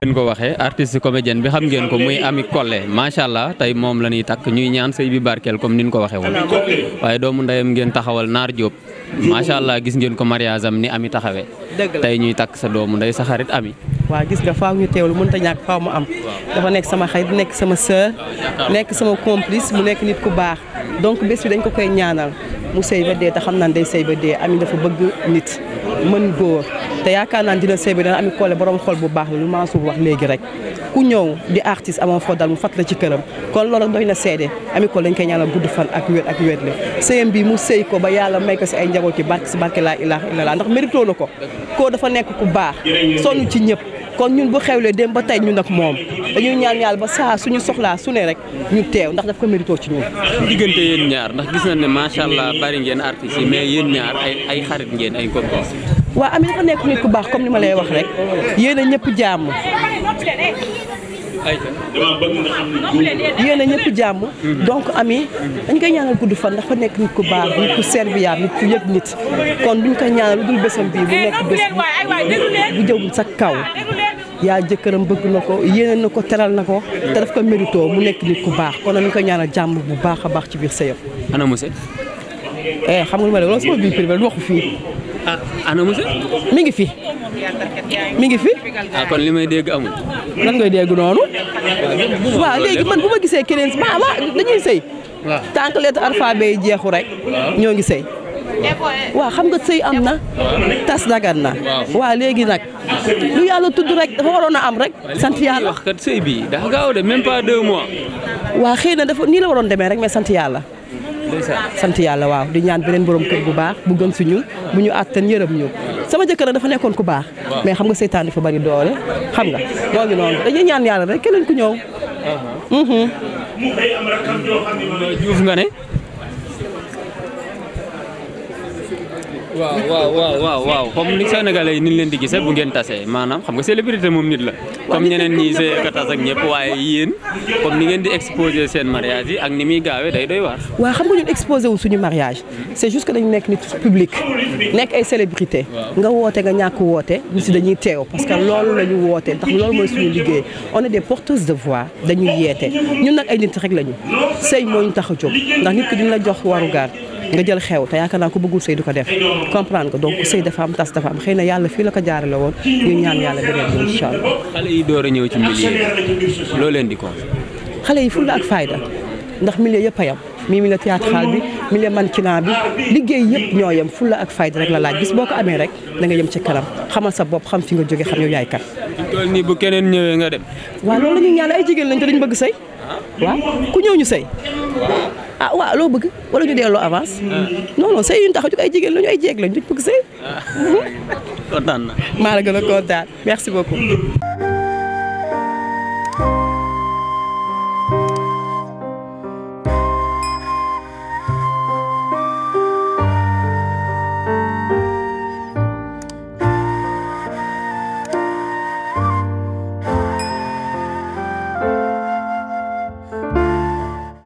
ngeen ko waxee artiste comédienne bi xam ngeen ko muy Ami kole macha allah tey moom la ñuy takk ñuy ñaan sëy bi barkeel comme ni ñu ko waxee woon waaye doomu ndeyam ngeen taxawal Naar Diop macha allah gis ngeen ko mariage am ni Ami taxawee. tey ñuy takk sa doomu ndey sa xarit Ami. waa gis nga faaw ñu teewlu mënut a ñàkk faaw mu am. dafa nekk sama xarit nekk sama sœur. nekk sama complice mu nekk nit ku baax. donc bés bi dañ ko koy ñaanal mu sëy ba dee te xam naa day sëy ba dee Ami dafa bëgg nit mën góor. te yaakaar naa dina sëy bi dana ami koole borom xol bu baax la lu Mansour wax léegi rek ku ñëw di artiste amoon foo dal mu fat la ci këram kon loolu doy na seede ami ko lañ koy ñaanal gudd fan ak ak wér la sëyam bi mu sëy ko ba yàlla may ko si ay njaboot ci barke si barke laa ilaaha ndax mérito na ko koo dafa nekk ku baax sonn ci ñëpp kon ñun bu xew lee dem ba tey ñun nag moom dañuy ñaan yàlla ba saa suñu soxlaa su ne rek ñu teew ndax daf ko mérito ci ñun. diggante yéen ñaar ndax gis nañ ne macha allah bari ngeen artistes yi mais yéen ñaar ay ay xarit ngeen ay waa Ami dafa nekk nit ku baax comme ni ma lay wax rek yéen a ñëpp jàmm. yéen a donc Ami dañ koy ñaanal gudd fan dafa nekk nit ku baax nit ku serviable nit ku yëg nit kon duñ koy ñaanal lu dul bésam bii bu nekk bés bu jëwul sa kaw. yaa jëkkëram bëgg na ko yéene na ko teral na ko. te daf ko mérito mu nekk nit ku baax kon nag ñu koy ñaanal jàmm bu baax a baax ci biir sa yëpp. eh xam nga lu ma la loolu sama vie privée du waxu fii. ah ana mi ngi fi. mi ngi fi. ah li may dégg amul. lan ngay dégg noonu. waaw léegi man bu ma gisee keneen ma ma dañuy sëy. waaw tant que lettre jeexu rek. ñoo ngi sey waa xam nga sëy am na tas dagan na waaw léegi nag lu yàlla tudd rek dafa waroon a am rek sant yàlla wax kat sëy bi daa gaaw de même pas deux xëy na dafa nii la waroon demee rek mais sant yàlla sant yàlla waaw di ñaan beneen borom kër bu baax bu gën suñu bu ñu àttan yërëm ñu sama jëkkër dafa nekkoon ku baax mais xam nga seytaan dafa bari doole xam nga moo ngi noonu dañuy ñaan yàlla rek keneen ku ñëw Diouf uh-huh. mm-hmm. nga ne waaw waaw waaw waaw comme ni Sénégalais yi ni ñu leen di gise bu ngeen tasee maanaam xam nga célébrité moom nit la comme ñeneen ñi seeka tas ak ñëpp waaye yéen comme ni ngeen di exposé seen mariage yi ak ni muy gaawee day doy waar waaw xam nga ñun exposé wu suñu mariage c'est juste dañu nekk ni nit public nekk ay célébrité nga woote nga ñàkk woote ñu si dañuy teew parce que loolu la ñu woote ndax loolu mooy suñu ñu on est des porteuses de voix dañuy yeete ñun nag ay nit rek la ñu sëy moo ñu tax a ndax nit ki la jox warugar nga jël xew te yaakaar naa ko bëggul sëy du ko def comprendre ko donc sëy dafa am tas dafa am xëy na yàlla fii la ko jaarale woon ñu ñaan yàlla beneen bi incha allah. xale yi door a ñëw ci milieu loo leen di ko. xale yi fulla ak fayda ndax milieu yëpp a yam mi milieu théâtral bi milieu mannequinat bi liggéey yëpp ñoo yem fulla ak fayda rek la laaj bis boo ko amee rek da nga yem ci kanam xamal sa bopp xam fi nga jóge xam yow yaay kat. tool nii bu keneen ñëwee nga dem. waaw loolu la ñuy ñaan ay jigéen lañ te dañ bëgg sëy ah? waa ku ñëw ñu sëy ah loo bëgg wala ñu delloo avance. Ah. non non sëy yu ñu ay jigéen lañu ay jéeg lañu duñ bëgg sëy. Ah, kontaan na. maa la gën a kontaan merci beaucoup.